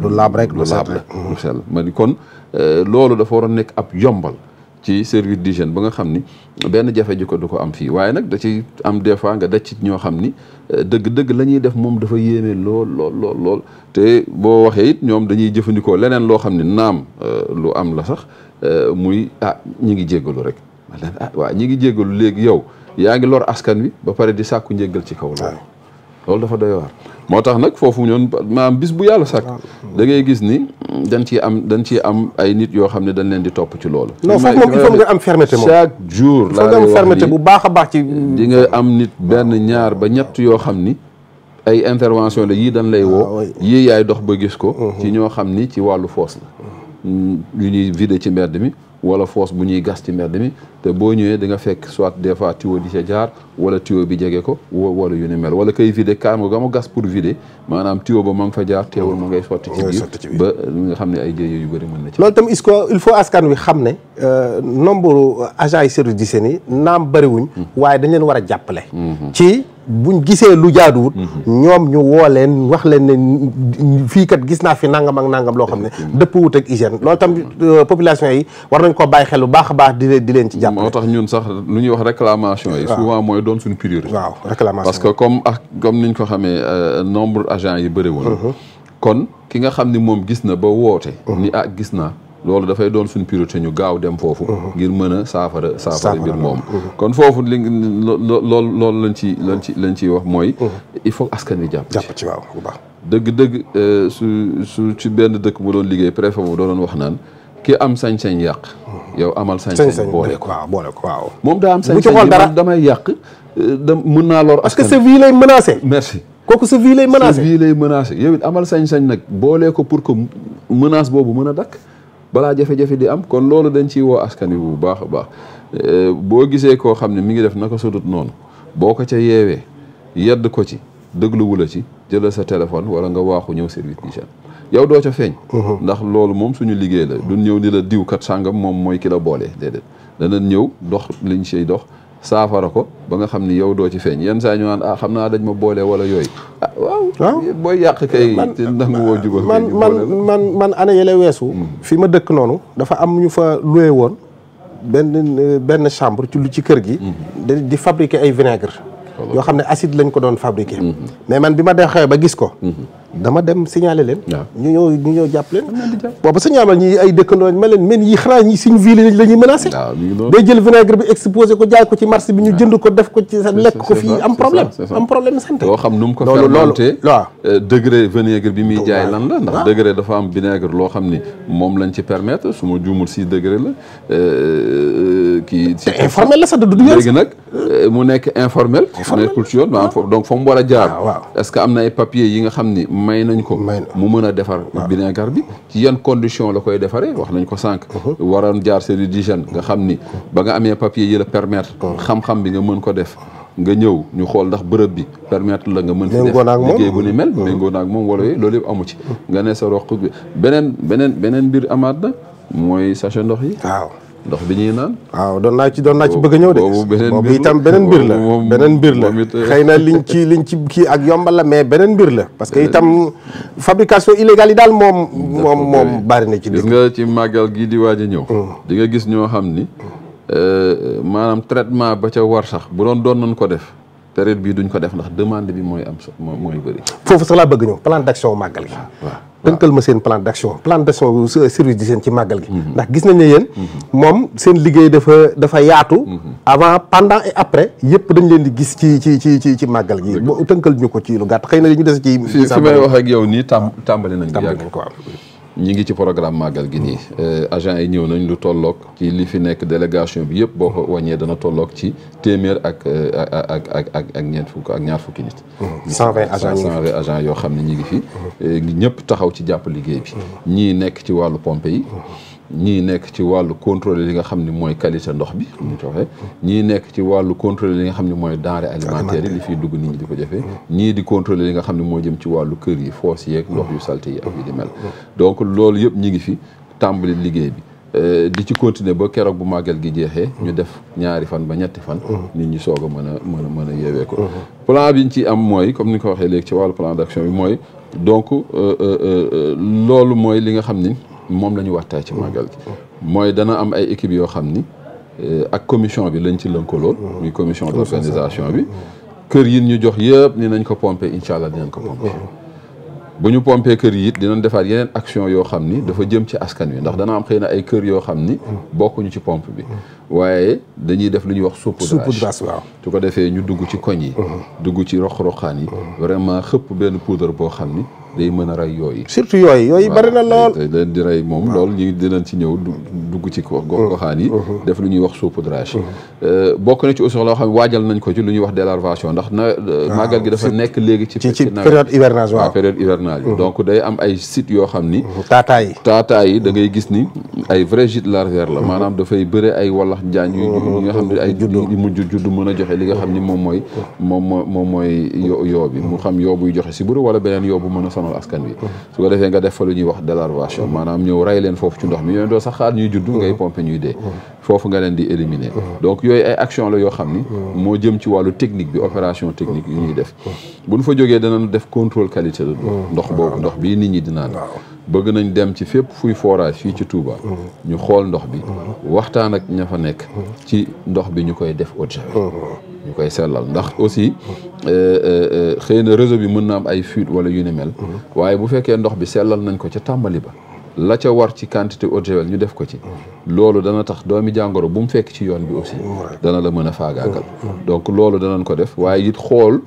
lu laab rek lu laab la lu sell ma ni kon eh, loolu dafa war a nekk ab yombal ci service d'hygiène ba nga xam ni benn jafe ji ko du ko am fii waaye nag da ci am des fois nga daj ci ñoo xam ni eh, dëgg-dëgg la ñuy def moom dafa yéene lool lool te boo waxee it ñoom dañuy jëfandikoo leneen loo xam ne naam lu am la sax muy ah ñi ngi jéggalu rek ah waaw ñi ngi jéggalu léegi yow yaa ngi lor askan wi ba pare di sàkku njéggal ci kaw loolu loolu dafa doy waar moo tax nag foofu ñoon maanaam bis bu yàlla sàkk da ngay gis ni dañ ciy am dañ ci am ay nit yoo xam ne dañ leen di topp ci loolu non foofu moom il chaque jour laa lay wax bu baax a baax ci di nga am nit benn ñaar ba ñett yoo xam ni ay intervention la yii dañ lay woo ah, yii yaay dox ba gis ko mhm. ci ñoo xam ni ci wàllu foos la yu mm, ñuy vidé ci mbedd mi wala foos bu ñuy gas ci mbedd mi te boo ñëwee di nga fekk soit des fois tuyau di ca jaar wala tuyau bi jege ko wala yu ne mel wala kay vider kaam nga gas pour vider maanaam tuyau ba ma nga fa jaar teewul mu ngay sotti ci biir ba nga xam ne ay jéego yu bëri mën na ci loolu tam est-ce que il faut askan wi xam ne euh, nombre agents yi service d'hygiène yi naam wuñ hmm. waaye dañ leen war a jàppale hmm. ci buñ gisee lu jaaduwut mhm. ñoom ñu woo leen wax leen ne fii kat gis naa fi nangam ak nangam loo xam ne dëppwut ak hygiène loolu tam euh, population yi war nañ ko bàyyi xel bu baax a baax di leen di leen ci jàpp moo tax ñun sax lu ñuy wax réclamation yi souvent mooy doon suñu priorité waaw réclamation parce que comme ak comme niñ ko xamee euh, nombre agent yi bëri woon mhm. kon ki nga xam ni moom gis na ba woote mhm. ni ah gis naa loolu dafay doon suñ priorité ñu gaaw dem foofu uh-huh. ngir mën a saafara saafara mbir moom uh-huh. kon foofu li lool loolu lañ ci lañ ci lañ ciy wax mooy uh-huh. il faut askan wi jàpp jàpp ci waaw bu baax dëgg-dëgg euh, su su ci benn dëkk bu doon liggéey préfet bu doon wax naan ki am sañ-sañ yàq yow amal sañ-sañ boole ko waaw boole ko waaw moom daa am sañ-sañ damay yàq euh, da mën naa lor parce que sa vie lay menacé merci kooku sa vie lay menacé yow amal sañ-sañ nag boolee ko pour que menace boobu mën a dakk balaa jafe-jafe di am kon loolu dañ ciy woo askan wi bu baax a baax eh, boo gisee koo xam ne mi ngi def naka sudut noonu boo ko ca yeewee yedd ko ci dégluwu la ci jëlal sa téléphone wala nga waaxu ñëw service d'hygiène yow doo ca feeñ mm-hmm. ndax loolu moom suñu liggéey la duñ ñëw di la diw kat sàngam moom mooy ki la boolee déedéet ñëw dox liñ ciy dox saafara ko ba nga xam ni yow doo ci feeñ yenn saa ñu naan ah xam naa dañ ma boole wala yooyu. ah, ah. booy yàq kay. te nangu woo jubal man man man man année yële weesu. Hmm. fi ma dëkk noonu dafa am ñu fa loué woon benn benn chambre ci ci kër gi. Hmm. di fabriquer ay vinaigre yoo xam ne acide lañ ko doon fabriquer. Hmm. mais man bi ma dexee ba gis ko. dama dem signaler leen. ñu ñëw ñu ñëw jàpp leen. booba sa ñaamal ñi ay dëkkandoo ma leen men yi xanaa ñi suñu ville la ñuy menacé. day jël vinaigre bi exposé ko jaay ko ci marché bi ñu jënd ko def ko ci ko fii am problème am problème ko fermenté waaw euh, degré bi muy jaay lan la ndax degré dafa am vinaigre loo xam ni moom lañ ci permettre su ma juumul six degré la euh, euh, kii. te informel la sax du léegi nag mu nekk informel. nekkul ci yoon donc fa mu a jaar. est-ce que am na ay papiers yi nga xam ni may nañ ko mu mën a defar vinaigre bi ci yan condition la koy defaree wax nañ ko sànq uh-huh. waroon jaar seen d'hygiène nga xam ni ba nga amee papier yi la permettre uh-huh. xam-xam bi nga mën ko def nga ñëw ñu xool ndax bërëb bi permettre la nga mën fi def liggéey bu ni mel uh-huh. méngoo naag moom wala yooyu loolu yëpp amu ci nga ne sa roq bi beneen beneen beneen mbir amaat na mooy sachet ndox yi waaw ndox bi ñuy naan. waaw doon naa ci doon naa ci bëgg ñëw de. boobu itam beneen mbir la beneen mbir la eh. xëy na liñ ci liñ ci kii ak yombal mais beneen mbir la. parce que itam fabrication illégale yi daal moom. moom moom bari na ci. gis nga ci màggal gii di waaj a ñëw. Mm. di nga gis ñoo xam ni eh, maanaam traitement ba ca war sax bu doon doon nañ ko def. période bii duñ ko def ndax demande bi mooy am mooy bëri. foofu sax laa bëgg ñëw plan d'action màggal gi. Ah, waaw tënkal ma seen plan d'action plan d'action service seen ci màggal gi. Mm-hmm. ndax gis nañ ne yenn mm-hmm. moom seen liggéey dafa dafa yaatu. Mm-hmm. avant pendant et après yëpp dañ leen di gis ci ci ci ci ci màggal gi. tënkal ñu ko ci lu gàtt xëy na ñu des ci. fi may wax ak yow nii tàmbali nañ ko yàgg. ñi ngi ci programme màggal gi nii mm-hmm. euh, agent yi ñëw nañ lu tollook ci li fi nekk délégation bi yëpp boo ko wàññee dana tolloog ci téeméer ak euh, ak ak ak ak ñeent fukk ak ñaar fukki nit. Mm-hmm. agent yoo xam ne ñi ngi fi. Mm-hmm. Euh, ñëpp taxaw ci jàpp liggéey bi. ñii nekk ci wàllu pompe yi. ñii nekk ci wàllu contrôler li nga xam ni mooy qualité ndox bi ñu ko waxee nekk ci wàllu contrôler li nga xam ni mooy denrée alimentaire yi li fiy dugg nit ñi di ko jëfee ñii di contrôler li nga xam ni moo jëm ci wàllu kër yi foos yeeg ndox yu salte yi ak yu di mel donc loolu yëpp ñi ngi fi tàmbali liggéey bi euh, di ci continuer ba keroog bu màggal gi jeexee ñu def ñaari fan ba ñetti fan nit ñi soog mën a mën a mën a ko plan bi ñu ci am mooy comme ni ko waxee léegi ci wàllu plan d'action bi mooy donc euh, euh, loolu mooy li nga xam ni moom la ñu waxtaay ci oh. màggal gi oh. mooy dana am ay équipe yoo xam ni eh, ak commission bi lañ ci lënkalool oh. muy commission d'organisation bi kër yi ñu jox yëpp ni nañ ko pompe incha allah dinañ ko pompe bu ñu pompee kër yi it dinañ defaat yeneen action yoo xam ni dafa jëm ci askan wi ndax dana am xëy na ay kër yoo xam ni bokkuñu ci pompe bi waaye dañuy def lu ñuy wax saupoudrage waaw su ko defee ñu dugg ci koñ yi uh-huh. dugg ci roq-roqaan yi uh-huh. vraiment xëpp benn poudre boo xam ni day mën a rey yooyu surtout yooyu yooyu bari na lool leen di rey moom lool ñu dinañ ci ñëw dugg ci gox uh-huh. goxaan yi def lu ñuy wax saupoudrage euh, bokk na ci aussi loo xam ne waajal nañ ko ci lu ñuy wax délarvation ndax na euh, màggal gi dafa nekk léegi ci ci période hivernage waaw ah, période hivernage donc day am ay sites yoo xam ni taataay yi taataay yi da ngay gis ni ay vrai gîte larvaire la maanaam dafay bëre ay wallax njaañ yu nga xam ne ay judd mujj judd mën a joxe joxe li nga xam ni moom mooy moom moo moom mooy yo yoo bi mu xam yoo buy joxe si buru wala beneen yoo bu mën a sonal askan bi su ko defee nga def fa lu ñuy wax délarvation maanaam ñëw rey leen foofu ci ndox mi yooyu doo sax xaar ñuy judd ngay pomper ñuy dee foofu nga leen di éliminer donc yooyu ay action la yoo xam ni moo jëm ci wàllu technique bi opération technique yu ñuy def bu ñu fa jógee nu def contrôle qualité de ndox boobu ndox bii nit ñi dinaa dinaan bëgg nañ dem ci fépp fuy forage fii ci tuuba mm-hmm. ñu xool ndox bi. Mm-hmm. waxtaan ak ña fa nekk. Mm-hmm. ci ndox bi ñu koy def eau de ñu koy sellal ndax aussi euh, euh, euh, xëy na réseau bi mën na am ay fuite wala yu ni mel. waaye bu fekkee ndox bi sellal nañ ko ca tàmbali ba. la ca war ci quantité eau de ñu def ko ci. loolu dana tax doomi jàngoro bu mu fekk ci yoon bi aussi. dana la mën a faagaagal. donc loolu danañ ko def waaye it xool.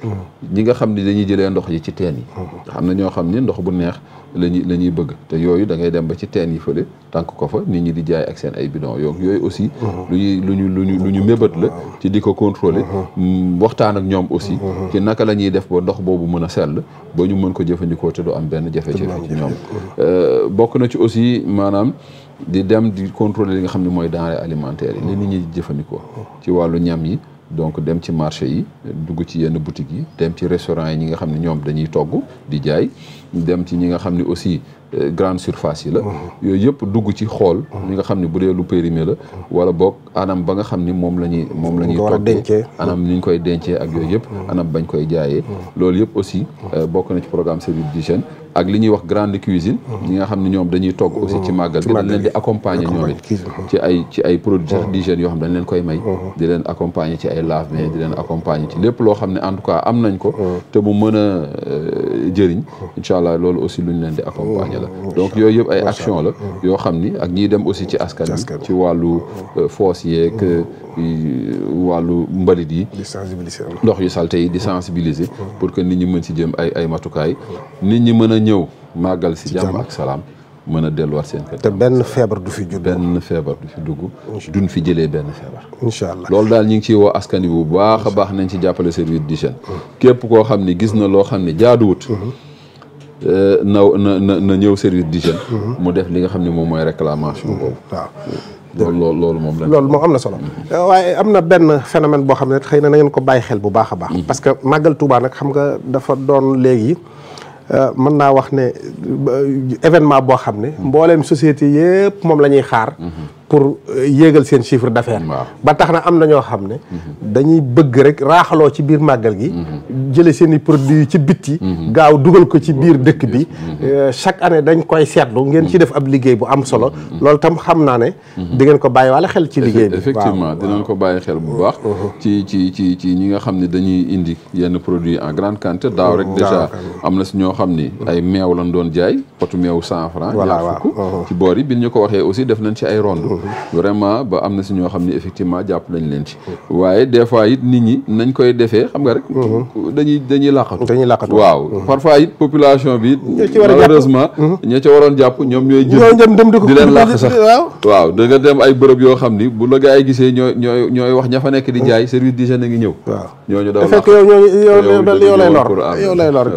ñi nga xam ni dañuy jëlee ndox yi ci teen yi. xam na ñoo xam ndox bu neex. la ñuy la ñuy bëgg te yooyu da ngay dem ba ci teen yi fële tànk ko fa nit ñi di jaay ak seen ay bidon yoog yooyu aussi mhm. lu ñuy lu ñu lu ñu lu ñu mébét la ci di ko contrôler mhm. mm, waxtaan ak ñoom aussi mhm. ci naka la ñuy def ba ndox boobu mën a sell boo ñu mën ko jëfandikoo te du am benn jafe-jafe ci ñoom euh, bokk na ci aussi maanaam di dem di contrôler li nga xam ne mooy denrée alimentaire yi li nit ñi jëfandikoo ci wàllu ñam yi donc dem ci marché yi dugg ci yenn boutiques yi dem ci restaurant yi ñi nga xam ne ñoom dañuy togg di jaay dem ci ñi nga xam ne aussi Euh, grande surface yi la yooyu yëpp dugg ci xool ñi nga xam ne bu dee lu périmé la wala boog anam ba nga xam ni moom la ñuy moom la ñuy toggee anam ni ñu koy dencee ak yooyu yëpp anam bañ koy jaayee loolu yëpp aussi euh, bokk na ci programme service d'hygiène ak li ñuy wax grande cuisine ñi nga xam ne ñoom dañuy togg aussi ci màggal gi dañ leen di accompagner ñoom it ci ay ci ay yoo xam dañ leen koy may di leen accompagner ci ay lave-mains di leen accompagner ci lépp loo xam ne en tout cas am nañ ko te mu mën a euh, jëriñ incha allah loolu aussi lu ñu leen di accompagner Oh, donc yooyu yëpp ay action la hmm. yoo xam ni ak ñiy dem aussi ci askan ci wàllu hmm. euh, foos yeeg hmm. euh, wàllu mbalit yi ndox yu salte yi di sensibiliser pour que nit ñi mën ci jëm ay ay matukaay nit ñi mën a ñëw màggal si jàmm ak salaam mën a delluwaat seen kër. te benn feebar du fi judd. benn feebar du fi dugg. duñ fi jëlee benn feebar. incha loolu daal ñu ngi ciy woo askan wi bu baax a baax nañ ci jàppale service d'hygiène. képp koo xam ne gis na loo xam ne jaaduwut. Euh, naw na na na ñëw service d'hygiène mhm. mu def li nga xam ne moom mooy réclamation mhm. boobu waaw loolu loolu moom la loolu moom am na solo mhm. euh, waaye am na benn phénomène boo xam ne xëy na na ngeen ko bàyyi xel bu baax a baax parce que màggal Touba xam nga dafa doon léegi euh, mën naa wax ne événement boo xam ne mbooleem société yëpp moom la ñuy xaar pour euh, yéegal seen chiffre d'affaires ba tax na am na ñoo xam ne dañuy bëgg rek raaxaloo ci biir màggal gi jële seen i produits ci bitti gaaw dugal ko ci biir dëkk bi euh, chaque année dañ koy seetlu ngeen ci def ab liggéey bu am solo loolu tam xam naa ne di ngeen ko bàyyi waale xel ci liggéey bi effectivement dinañ ko bàyyi xel bu baax uh-huh. ci ci ci ci ñi nga xam ne dañuy indi yenn produits en grande quantité uh-huh. daaw rek déjà am na si ñoo xam ni ay meew lañ doon jaay potu meew cent franc ñaar fukk uh-huh. ci boor yi bi ñu ko waxee aussi def nañ ci ay ronde vraiment ba am na si ñoo xam ni effectivement jàpp nañ leen ci waaye des fois it nit ñi nañ koy defee xam nga rek dañuy dañuy làqatu dañuy làqatu waaw parfois it population bi malheureusement ña ca a jàpp ñoom ñooy jël di leen làq sax waaw waaw da nga dem a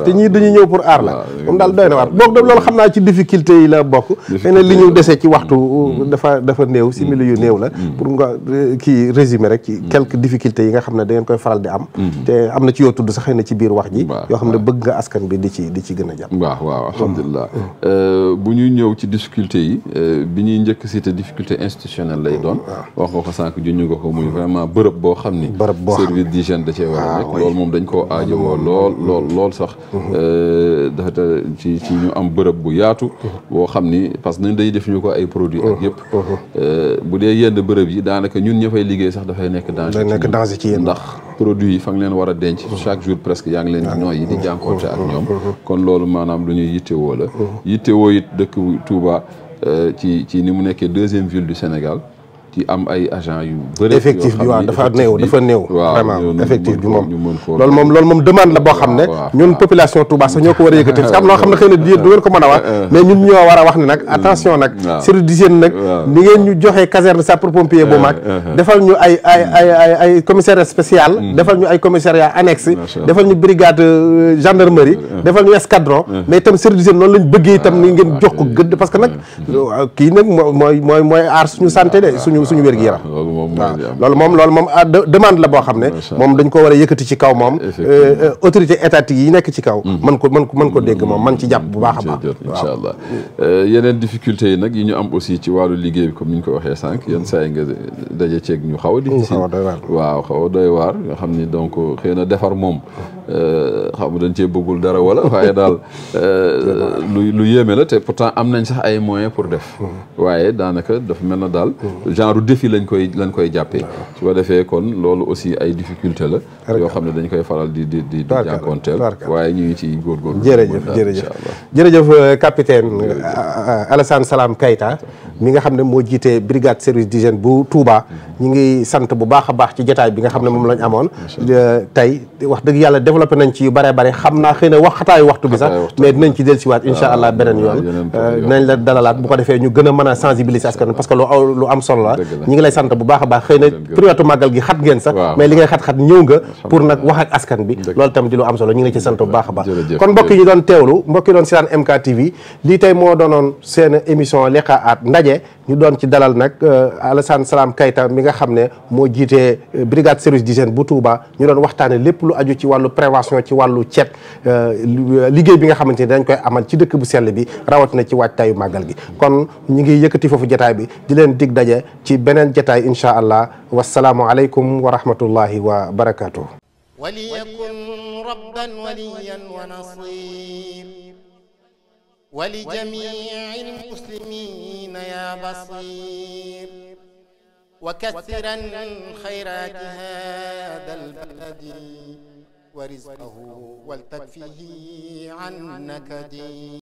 te ñii dañuy ñëw pour aar la moom daal doy na waat boog loolu xam naa ci difficulté yi la bokk xëy ñu dese ci waxtu mhm. dafa a néew simili yu mm-hmm. néew la mm-hmm. pour nga euh, kii résumé rek ci mm-hmm. quelques difficultés yi nga xam ne da ngeen koy faral di am te am na ci yoo tudd sax xëy na ci biir wax ji yoo xam ne bëgg nga askan bi di ci di ci gën a jàpp waaw waaw alhamdulilah euh, bu ñuy ñëw ci difficulté yi euh, bu ñuy njëkk cité difficulté institutionnelle lay doon wax nga ko sànq junñu nga ko muy vraiment bërëb boo xam ni service d'hygiène da cee war a ah, nekk loolu moom dañ koo aajowoo lool lool lool sax dafa ci ci ñu am bërëb bu yaatu boo xam ni parce que nañ day def ñu ko ay produits ak Euh, bu dee yenn bërëb yi daanaka ñun ña fay liggéey sax dafay nekk danger. nekk danger ci yéen ndax produit yi fa leen war a denc. chaque jour presque yaa ngi leen di ah. nooy yi di jànkoonte ak ñoom. Mm-hmm. kon loolu maanaam lu ñuy yittewoo la. Mm-hmm. yittewoo it dëkk Touba euh, ci ci ni mu nekkee deuxième ville du Sénégal. ci bi waaw dafa néew dafa néew vraiment effectif bi moom loolu moom loolu la boo xam ne ñun population Touba sax ñoo ko war a yëkkati parce que am ne a a ne mm. ngeen ñu joxee caserne sapeur pompier bu eh, mag eh, eh. defal ñu ay ay ay spécial mm. defal ñu ay commissariat annexe defal ñu brigade euh, gendarmerie defal ñu escadron mais itam service noonu lañ bëggee itam ni ngeen ah, jox ko gëdd parce que nag mm. kii nag mooy aar suñu santé de ah, suñu suñu wér gi yaram ah, waaw loolu moom loolu moom ah, demande la boo xam ne moom dañ ko war a yëkkati ci kaw moom euh, euh, autorité étatique yi nekk ci kaw hmm. man ko man ko mën ko dégg moom man ci jàpp bu baax a baax incha allah euh, yi nag yi ñu am aussi ci wàllu liggéey comme ni ñu ko waxee sànq yenn saa yi nga daje ceeg ñu xaw a difficile waaw xaw a doy waar nga xam ni donc xëy na defar moom hmm. Euh, xaw ma dañ cee bëggul dara wala waaye daal euh, lu lu yéeme la te pourtant am nañ sax ay moyens pour def mm-hmm. waaye daanaka dafa mel na daal mm-hmm. genre défi lañ koy lañ koy jàppee ah. su ko defee kon loolu aussi ay difficulté la yoo xam ne dañ koy faral di di di jànkoonteel waaye ñu ngi ci góorgóorlu jërëjëf jërëjëf jërëjëf euh, capitaine Alassane Salam Keita mi nga xam ne moo jiite brigade service d'hygiène bu Touba ñi ngi sant bu baax a baax ci jataay bi nga xam ne moom lañ amoon euh, tey wax dëgg yàlla développé nañ ci bare bare xam naa xëy na waxataayu waxtu bi sax mais dinañ ci dellusiwaat incha allah ah, beneen yoon euh, nañ la dalalaat bu ko defee ñu gën a mën a sensibiliser askan parce que lu lu am solo la ñi ngi lay sant bu baax a baax xëy na ñu doon teewlu mbokk doon sitaan MK TV lii tey moo doonoon daje ñu doon ci dalal nag euh, Alassane Salam Keita mi nga xam ne moo jiitee euh, brigade service d'hygiène bu Touba ñu doon waxtaane lépp lu aju ci wàllu prévention ci wàllu cet euh, liggéey bi nga xamante ni dañ koy amal ci dëkk bu sell bi rawat na ci waajtaayu màggal gi kon ñu ngi yëkkati foofu jataay bi di leen dig daje ci beneen jataay insha allah wasalaamu aleykum wa rahmatullahi wa barakatuh وليكن ربا وليا ونصير يا بصير وكثرا خيرات هذا البلد ورزقه والتكفيه عن نكدي